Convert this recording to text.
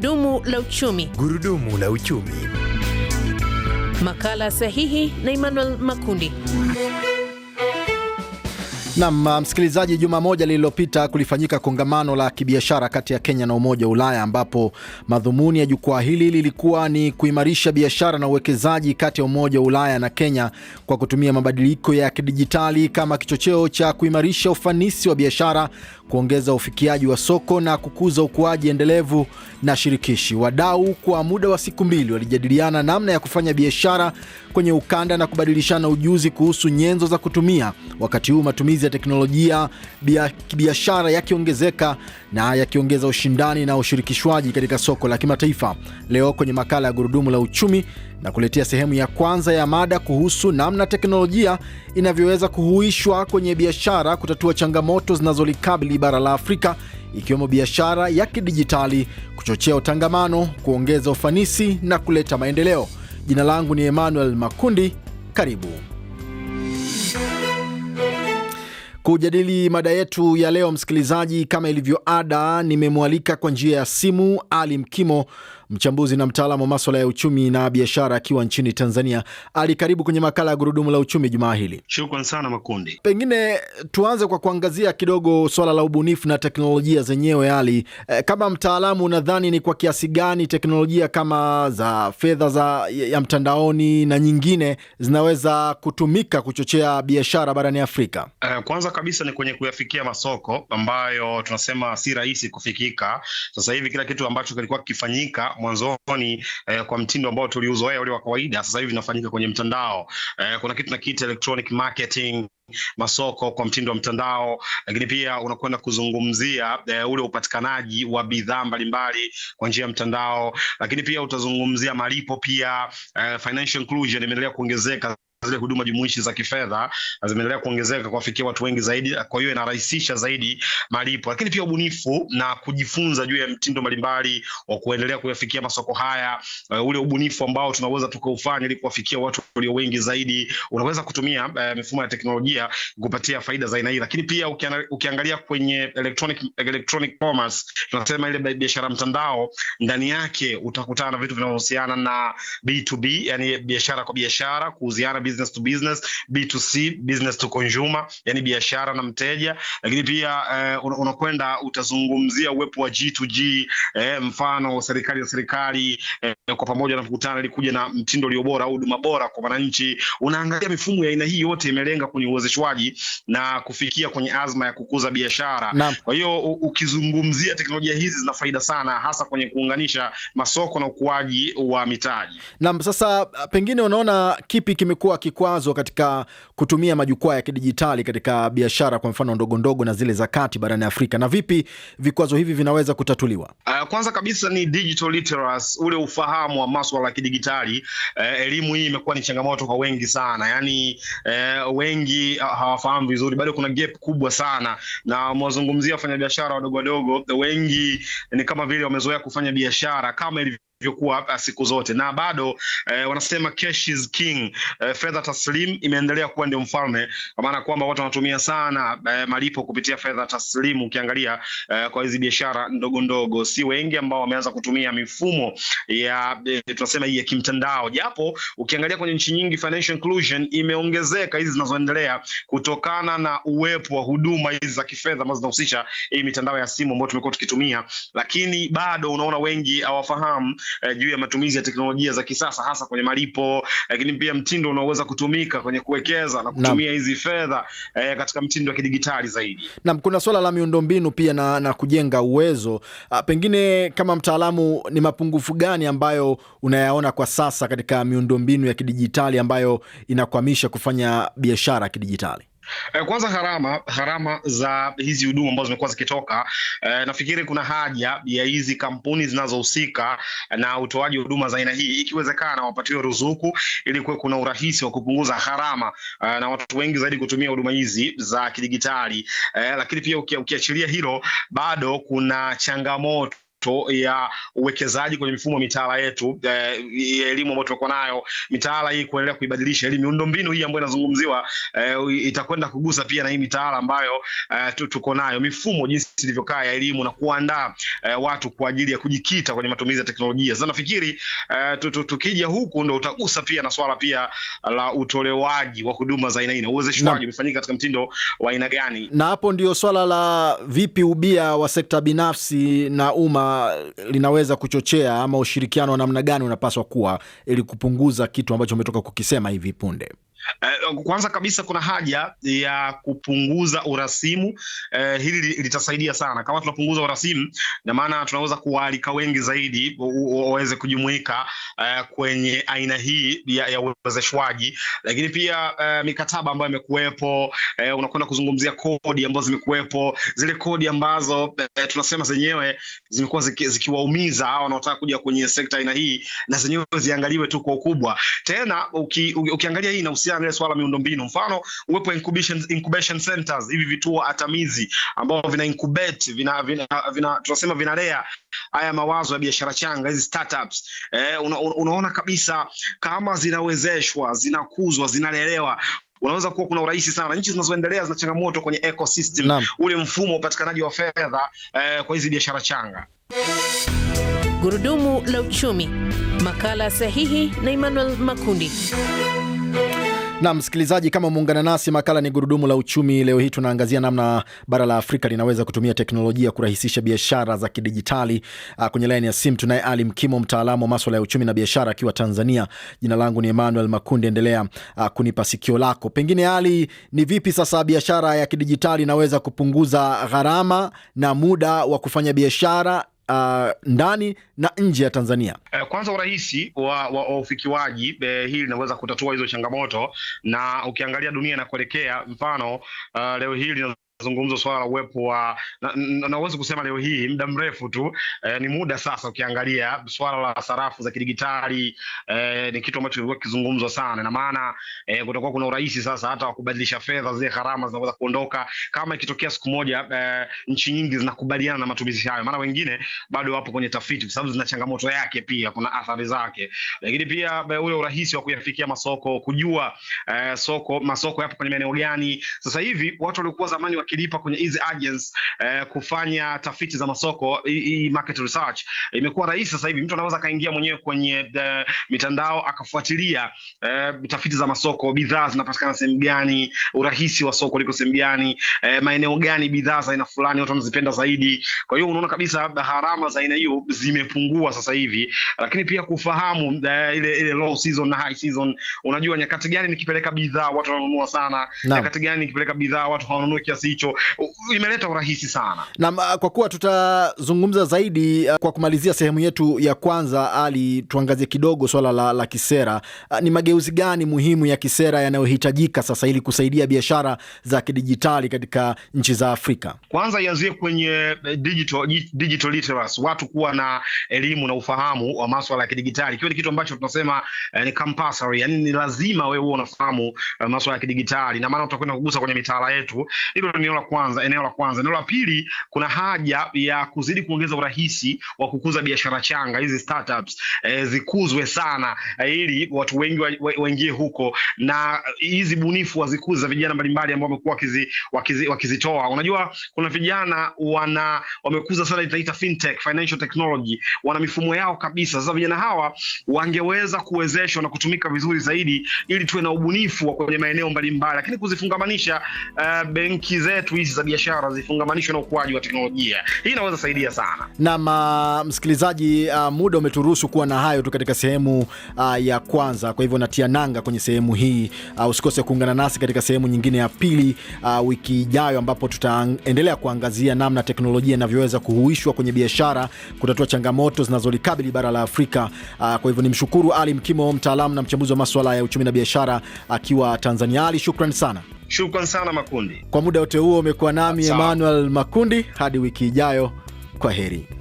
Gurudumu la Uchumi. Gurudumu la Uchumi. Makala sahihi na Emmanuel Makundi. Nam uh, msikilizaji, juma moja lililopita kulifanyika kongamano la kibiashara kati ya Kenya na Umoja wa Ulaya, ambapo madhumuni ya jukwaa hili lilikuwa ni kuimarisha biashara na uwekezaji kati ya Umoja wa Ulaya na Kenya kwa kutumia mabadiliko ya kidijitali kama kichocheo cha kuimarisha ufanisi wa biashara, kuongeza ufikiaji wa soko na kukuza ukuaji endelevu na shirikishi. Wadau kwa muda wa siku mbili walijadiliana namna ya kufanya biashara kwenye ukanda na kubadilishana ujuzi kuhusu nyenzo za kutumia, wakati huu matumizi matumizi ya teknolojia kibiashara yakiongezeka na yakiongeza ushindani na ushirikishwaji katika soko la kimataifa. Leo kwenye makala ya Gurudumu la Uchumi na kuletea sehemu ya kwanza ya mada kuhusu namna teknolojia inavyoweza kuhuishwa kwenye biashara kutatua changamoto zinazolikabili bara la Afrika ikiwemo biashara ya kidijitali, kuchochea utangamano, kuongeza ufanisi na kuleta maendeleo. Jina langu ni Emmanuel Makundi. Karibu. Kujadili mada yetu ya leo, msikilizaji, kama ilivyo ada, nimemwalika kwa njia ya simu Ali Mkimo mchambuzi na mtaalamu wa maswala ya uchumi na biashara akiwa nchini Tanzania. Ali, karibu kwenye makala ya gurudumu la uchumi jumaa hili. Shukran sana Makundi. Pengine tuanze kwa kuangazia kidogo swala la ubunifu na teknolojia zenyewe. Ali, e, kama mtaalamu unadhani ni kwa kiasi gani teknolojia kama za fedha za ya mtandaoni na nyingine zinaweza kutumika kuchochea biashara barani Afrika? E, kwanza kabisa ni kwenye kuyafikia masoko ambayo tunasema si rahisi kufikika. Sasa hivi kila kitu ambacho kilikuwa kikifanyika mwanzoni eh, kwa mtindo ambao tuliuzoea ule wa kawaida, sasa hivi inafanyika kwenye mtandao eh, kuna kitu nakiita electronic marketing masoko kwa mtindo wa mtandao, lakini pia unakwenda kuzungumzia e, ule upatikanaji wa bidhaa mbalimbali kwa njia ya mtandao, lakini pia utazungumzia malipo pia. E, financial inclusion imeendelea kuongezeka zile huduma jumuishi za kifedha zimeendelea kuongezeka kuwafikia watu wengi zaidi, kwa hiyo inarahisisha zaidi malipo, lakini pia ubunifu na kujifunza juu ya mtindo mbalimbali wa kuendelea kuyafikia masoko haya. Uh, ule ubunifu ambao tunaweza tukaufanya ili kuwafikia watu walio wengi zaidi, unaweza kutumia uh, mifumo ya teknolojia kupatia faida za aina hii, lakini pia ukiangalia kwenye electronic, electronic commerce, tunasema ile biashara mtandao, ndani yake utakutana na vitu vinavyohusiana na B2B, yani biashara kwa biashara, kuuziana business to business, B2C, business to consumer, yani biashara na mteja, lakini pia eh, unakwenda utazungumzia uwepo wa G2G eh, mfano serikali na serikali eh, kwa pamoja wanakutana ili kuja na mtindo ulio bora au huduma bora kwa wananchi. Unaangalia mifumo ya aina hii yote imelenga kwenye uwezeshwaji na kufikia kwenye azma ya kukuza biashara. Kwa hiyo ukizungumzia teknolojia hizi zina faida sana, hasa kwenye kuunganisha masoko na ukuaji wa mitaji. Naam, sasa pengine unaona kipi kimekuwa kikwazo katika kutumia majukwaa ya kidijitali katika biashara kwa mfano ndogo ndogo na zile za kati barani Afrika, na vipi vikwazo hivi vinaweza kutatuliwa? Uh, kwanza kabisa ni digital literacy, ule ufahamu wa maswala ya kidijitali. Uh, elimu hii imekuwa ni changamoto kwa wengi sana, yani uh, eh, wengi ah, hawafahamu uh, vizuri, bado kuna gap kubwa sana, na mwazungumzia wafanyabiashara wadogo wadogo, wengi ni kama vile wamezoea kufanya biashara kama ilivyo ilivyokuwa siku zote, na bado eh, wanasema cash is king. Eh, fedha taslim imeendelea kuwa ndio mfalme, kwa maana kwamba watu wanatumia sana eh, malipo kupitia fedha taslim. Ukiangalia eh, kwa hizi biashara ndogo ndogo, si wengi ambao wameanza kutumia mifumo ya eh, tunasema hii ya kimtandao, japo ukiangalia kwenye nchi nyingi financial inclusion imeongezeka hizi zinazoendelea kutokana na uwepo wa huduma hizi za kifedha ambazo zinahusisha hii mitandao ya simu ambayo tumekuwa tukitumia, lakini bado unaona wengi hawafahamu eh, juu ya matumizi ya teknolojia za kisasa hasa kwenye malipo, lakini pia mtindo unaoweza kutumika kwenye kuwekeza na kutumia hizi fedha eh, katika mtindo wa kidigitali zaidi. Naam, kuna swala la miundombinu pia na, na kujenga uwezo a, ah, pengine kama mtaalamu, ni mapungufu gani ambayo unayaona kwa sasa katika miundombinu ya kidijitali ambayo inakwamisha kufanya biashara kidijitali? Eh, kwanza gharama gharama za hizi huduma ambazo zimekuwa zikitoka, eh, nafikiri kuna haja ya hizi kampuni zinazohusika na utoaji wa huduma za aina hii, ikiwezekana wapatiwe ruzuku ili kuwe kuna urahisi wa kupunguza gharama eh, na watu wengi zaidi kutumia huduma hizi za kidigitali eh, lakini pia ukiachilia hilo bado kuna changamoto changamoto ya uwekezaji kwenye mifumo ya mitaala yetu eh, elimu ambayo tunakuwa nayo mitaala hii kuendelea kuibadilisha ili miundombinu hii ambayo inazungumziwa eh, itakwenda kugusa pia na hii mitaala ambayo eh, tuko nayo mifumo jinsi ilivyokaa ya elimu na kuandaa eh, watu kwa ajili ya kujikita kwenye matumizi ya teknolojia. Sasa nafikiri eh, tukija huku ndo utagusa pia na swala pia la utolewaji wa huduma za aina aina, uwezeshwaji umefanyika katika mtindo wa aina gani, na hapo ndio swala la vipi ubia wa sekta binafsi na umma linaweza kuchochea ama ushirikiano wa namna gani unapaswa kuwa ili kupunguza kitu ambacho umetoka kukisema hivi punde? Eh, kwanza kabisa kuna haja ya kupunguza urasimu. eh, hili litasaidia sana kama tunapunguza urasimu, na maana tunaweza kuwaalika wengi zaidi waweze kujumuika eh, kwenye aina hii ya, ya uwezeshwaji, lakini pia eh, mikataba ambayo imekuwepo, eh, unakwenda kuzungumzia kodi ambazo zimekuwepo, zile kodi ambazo eh, tunasema zenyewe zimekuwa zikiwaumiza ziki wanaotaka kuja kwenye sekta aina hii, na zenyewe ziangaliwe tu kwa ukubwa. Tena uki, uki, ukiangalia hii kuhusiana na swala miundombinu, mfano uwepo incubation, incubation centers, hivi vituo atamizi ambao vina incubate vina, vina, vina tunasema vinalea haya mawazo ya biashara changa hizi startups eh, una, unaona kabisa kama zinawezeshwa zinakuzwa zinalelewa unaweza kuwa kuna urahisi sana. Nchi zinazoendelea zina changamoto kwenye ecosystem Nam. ule mfumo wa upatikanaji wa fedha eh, kwa hizi biashara changa. Gurudumu la Uchumi, makala sahihi na Emmanuel Makundi. Na msikilizaji, kama umeungana nasi, makala ni gurudumu la uchumi. Leo hii tunaangazia namna bara la Afrika linaweza kutumia teknolojia kurahisisha biashara za kidijitali. Ah, kwenye laini ya simu tunaye Ali Mkimo, mtaalamu wa maswala ya uchumi na biashara akiwa Tanzania. Jina langu ni Emmanuel Makundi, endelea ah, kunipa sikio lako. Pengine Ali, ni vipi sasa biashara ya kidijitali inaweza kupunguza gharama na muda wa kufanya biashara uh, ndani na nje ya Tanzania? Eh, kwanza urahisi wa, wa, wa ufikiwaji eh, hili linaweza kutatua hizo changamoto, na ukiangalia dunia inakuelekea, mfano uh, leo hili zungumzo swala la uwepo wa na na, uwezi kusema leo hii muda mrefu tu eh, ni muda sasa. Ukiangalia swala la sarafu za kidigitali eh, ni kitu ambacho kilikuwa kizungumzwa sana, na maana eh, kutakuwa kuna urahisi sasa hata wa kubadilisha fedha, zile gharama zinaweza kuondoka kama ikitokea siku moja eh, nchi nyingi zinakubaliana na matumizi hayo, maana wengine bado wapo kwenye tafiti, kwa sababu zina changamoto yake, pia kuna athari zake, lakini pia eh, ule urahisi wa kuyafikia masoko, kujua eh, soko masoko yapo kwenye maeneo gani sasa hivi. Watu walikuwa zamani wa kilipa kwenye hizi agents eh, kufanya tafiti za masoko hii market research imekuwa rahisi sasa hivi, mtu anaweza akaingia mwenyewe kwenye the, eh, mitandao akafuatilia eh, tafiti za masoko, bidhaa zinapatikana sehemu gani, urahisi wa soko liko sehemu gani, eh, maeneo gani bidhaa za aina fulani watu wanazipenda zaidi. Kwa hiyo unaona kabisa gharama za aina hiyo zimepungua sasa hivi, lakini pia kufahamu eh, ile ile low season na high season, unajua nyakati gani nikipeleka bidhaa watu wanunua sana, nyakati gani nikipeleka bidhaa watu hawanunui kiasi hicho imeleta urahisi sana. Na ah, kwa kuwa tutazungumza zaidi ah, kwa kumalizia sehemu yetu ya kwanza, Ali, tuangazie kidogo swala la, la kisera. Ah, ni mageuzi gani muhimu ya kisera yanayohitajika sasa ili kusaidia biashara za kidijitali katika nchi za Afrika? Kwanza ianzie kwenye eh, digital, digital literacy, watu kuwa na elimu na ufahamu wa maswala ya kidijitali, ikiwa ni kitu ambacho tunasema eh, ni compulsory, yani ni lazima wewe uwe unafahamu eh, maswala ya kidijitali na maana utakwenda kugusa kwenye mitaala yetu hilo ni eneo la kwanza, eneo la kwanza. Eneo la pili, kuna haja ya kuzidi kuongeza urahisi wa kukuza biashara changa, hizi startups eh, zikuzwe sana eh, ili watu wengi waingie huko, na eh, hizi bunifu wazikuze za vijana mbalimbali ambao wamekuwa wakizitoa wakizi, unajua kuna vijana wana wamekuza sana itaita fintech financial technology, wana mifumo yao kabisa. Sasa vijana hawa wangeweza kuwezeshwa na kutumika vizuri zaidi, ili tuwe na ubunifu wa kwenye maeneo mbalimbali, lakini kuzifungamanisha uh, benki zetu zetu hizi za biashara zifungamanishwe na ukuaji wa teknolojia. Hii inaweza saidia sana. Naam, ah, msikilizaji, uh, muda umeturuhusu kuwa na hayo tu katika sehemu uh, ya kwanza. Kwa hivyo natia nanga kwenye sehemu hii. Uh, usikose kuungana nasi katika sehemu nyingine ya pili uh, wiki ijayo, ambapo tutaendelea kuangazia namna teknolojia inavyoweza kuhuishwa kwenye biashara kutatua changamoto zinazolikabili bara la Afrika. Uh, kwa hivyo nimshukuru Ali Mkimo, mtaalamu na mchambuzi wa maswala ya uchumi na biashara akiwa Tanzania. Ali, shukrani sana. Shukran sana Makundi. Kwa muda wote huo umekuwa nami Emmanuel Makundi, hadi wiki ijayo, kwa heri.